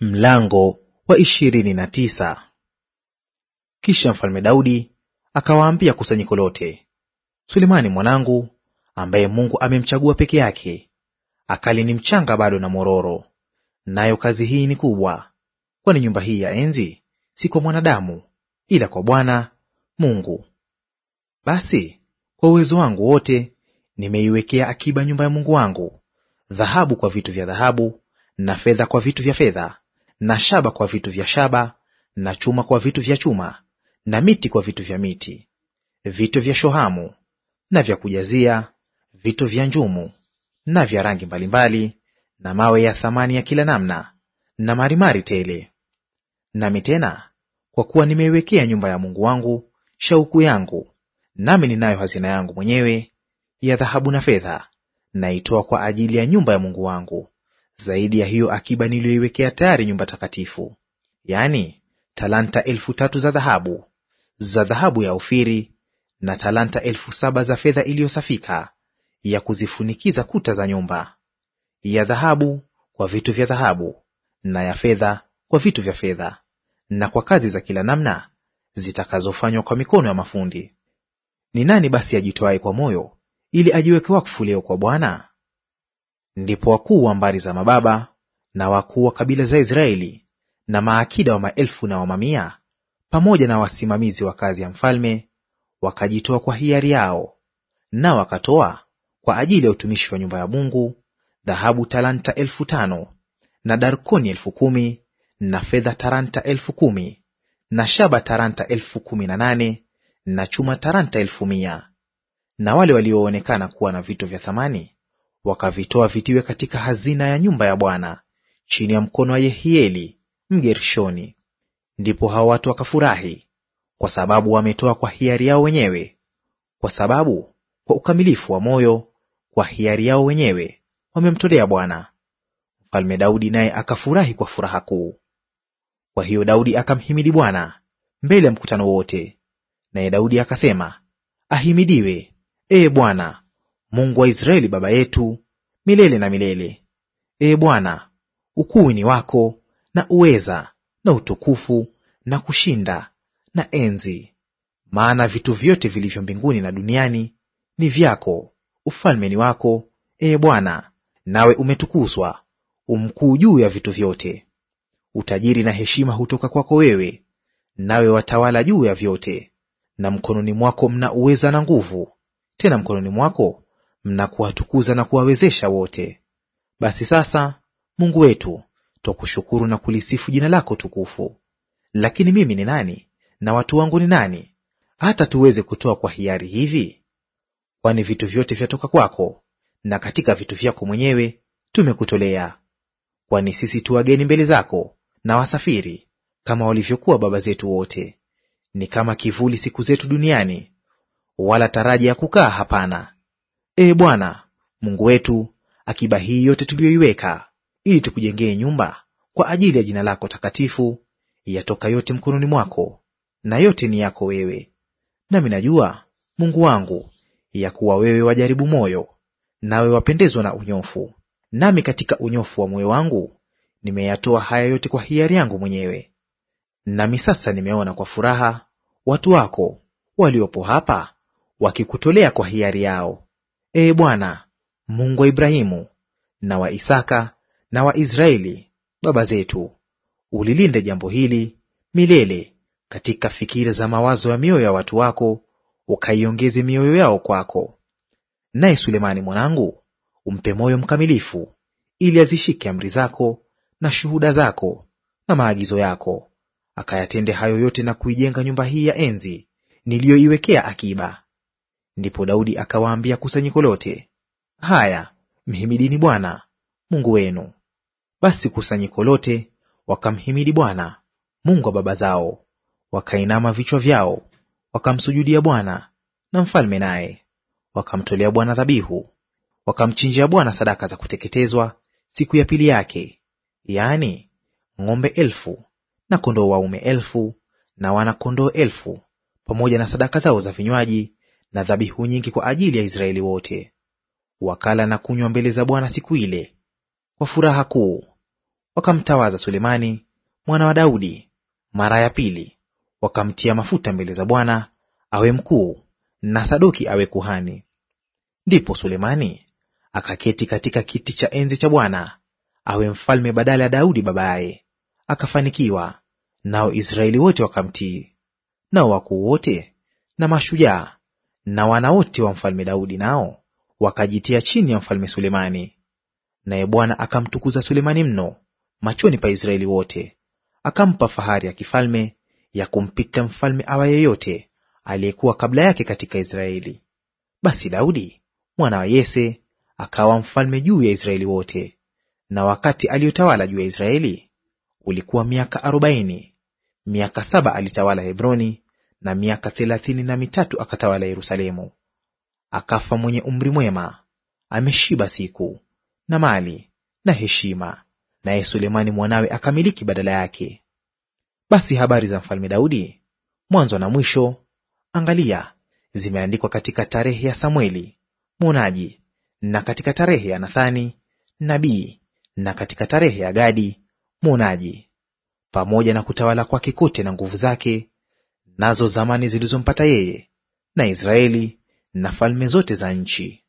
Mlango wa ishirini na tisa. Kisha mfalme Daudi akawaambia kusanyiko lote, Sulemani mwanangu ambaye Mungu amemchagua peke yake, akali ni mchanga bado na mororo, nayo kazi hii ni kubwa, kwani nyumba hii ya enzi si kwa mwanadamu, ila kwa Bwana Mungu. Basi kwa uwezo wangu wote nimeiwekea akiba nyumba ya Mungu wangu, dhahabu kwa vitu vya dhahabu na fedha kwa vitu vya fedha na shaba kwa vitu vya shaba, na chuma kwa vitu vya chuma, na miti kwa vitu vya miti, vitu vya shohamu na vya kujazia, vitu vya njumu na vya rangi mbalimbali, na mawe ya thamani ya kila namna, na marimari tele. Nami tena, kwa kuwa nimeiwekea nyumba ya Mungu wangu shauku yangu, nami ninayo hazina yangu mwenyewe ya dhahabu na fedha, naitoa kwa ajili ya nyumba ya Mungu wangu zaidi ya hiyo akiba niliyoiwekea tayari nyumba takatifu, yaani talanta elfu tatu za dhahabu, za dhahabu ya Ofiri, na talanta elfu saba za fedha iliyosafika ya kuzifunikiza kuta za nyumba, ya dhahabu kwa vitu vya dhahabu, na ya fedha kwa vitu vya fedha, na kwa kazi za kila namna zitakazofanywa kwa mikono ya mafundi. Ni nani basi ajitoaye kwa moyo ili ajiweke wakfu leo kwa Bwana? Ndipo wakuu wa mbari za mababa na wakuu wa kabila za Israeli na maakida wa maelfu na wa mamia, pamoja na wasimamizi wa kazi ya mfalme, wakajitoa kwa hiari yao, na wakatoa kwa ajili ya utumishi wa nyumba ya Mungu dhahabu talanta elfu tano na darkoni elfu kumi na fedha talanta elfu kumi na shaba talanta elfu kumi na nane na chuma talanta elfu mia. Na wale walioonekana kuwa na vito vya thamani wakavitoa vitiwe katika hazina ya nyumba ya Bwana chini ya mkono wa Yehieli Mgershoni. Ndipo hao watu wakafurahi, kwa sababu wametoa kwa hiari yao wenyewe, kwa sababu kwa ukamilifu wa moyo kwa hiari yao wenyewe wamemtolea Bwana. Mfalme Daudi naye akafurahi kwa furaha kuu. Kwa hiyo Daudi akamhimidi Bwana mbele ya mkutano wote, naye Daudi akasema, ahimidiwe ee Bwana Mungu wa Israeli baba yetu, milele na milele. E Bwana, ukuu ni wako na uweza na utukufu na kushinda na enzi, maana vitu vyote vilivyo mbinguni na duniani ni vyako, ufalme ni wako, e Bwana, nawe umetukuzwa umkuu juu ya vitu vyote. Utajiri na heshima hutoka kwako wewe, nawe watawala juu ya vyote. Na mkononi mwako mna uweza na nguvu, tena mkononi mwako mna kuwatukuza na kuwawezesha wote. Basi sasa, Mungu wetu, twakushukuru na kulisifu jina lako tukufu. Lakini mimi ni nani na watu wangu ni nani, hata tuweze kutoa kwa hiari hivi? Kwani vitu vyote vyatoka kwako, na katika vitu vyako mwenyewe tumekutolea. Kwani sisi tu wageni mbele zako na wasafiri, kama walivyokuwa baba zetu wote. Ni kama kivuli siku zetu duniani, wala taraja ya kukaa hapana. Ee Bwana Mungu wetu, akiba hii yote tuliyoiweka ili tukujengee nyumba kwa ajili ya jina lako takatifu, yatoka yote mkononi mwako, na yote ni yako wewe. Nami najua, Mungu wangu, ya kuwa wewe wajaribu moyo, nawe wapendezwa na unyofu. Nami katika unyofu wa moyo wangu nimeyatoa haya yote kwa hiari yangu mwenyewe. Nami sasa nimeona kwa furaha watu wako waliopo hapa wakikutolea kwa hiari yao. Ee Bwana Mungu wa Ibrahimu na wa Isaka na wa Israeli baba zetu, ulilinde jambo hili milele katika fikira za mawazo ya mioyo ya watu wako, ukaiongeze mioyo yao kwako. Naye Sulemani mwanangu umpe moyo mkamilifu, ili azishike amri zako na shuhuda zako na maagizo yako, akayatende hayo yote na kuijenga nyumba hii ya enzi niliyoiwekea akiba, Ndipo Daudi akawaambia kusanyiko lote, haya, mhimidini Bwana Mungu wenu. Basi kusanyiko lote wakamhimidi Bwana Mungu wa baba zao, wakainama vichwa vyao, wakamsujudia Bwana na mfalme naye, wakamtolea Bwana dhabihu, wakamchinjia Bwana sadaka za kuteketezwa siku ya pili yake, yaani ng'ombe elfu na kondoo waume elfu na wana kondoo elfu pamoja na sadaka zao za vinywaji na dhabihu nyingi kwa ajili ya Israeli wote. Wakala na kunywa mbele za Bwana siku ile kwa furaha kuu. Wakamtawaza Sulemani mwana wa Daudi mara ya pili, wakamtia mafuta mbele za Bwana awe mkuu na Sadoki awe kuhani. Ndipo Sulemani akaketi katika kiti cha enzi cha Bwana awe mfalme badala ya Daudi babaye, akafanikiwa, nao Israeli wote wakamtii. Nao wakuu wote na mashujaa na wana wote wa mfalme Daudi nao wakajitia chini ya mfalme Sulemani. Naye Bwana akamtukuza Sulemani mno machoni pa Israeli wote, akampa fahari ya kifalme ya kumpita mfalme awa yeyote aliyekuwa kabla yake katika Israeli. Basi Daudi mwana wa Yese akawa mfalme juu ya Israeli wote, na wakati aliyotawala juu ya Israeli ulikuwa miaka arobaini. Miaka saba alitawala Hebroni na miaka thelathini na mitatu akatawala Yerusalemu. Akafa mwenye umri mwema, ameshiba siku na mali na heshima, naye Sulemani mwanawe akamiliki badala yake. Basi habari za mfalme Daudi mwanzo na mwisho, angalia, zimeandikwa katika tarehe ya samweli mwonaji, na katika tarehe ya Nathani nabii, na katika tarehe ya Gadi mwonaji, pamoja na kutawala kwake kote na nguvu zake nazo zamani zilizompata yeye na Israeli na falme zote za nchi.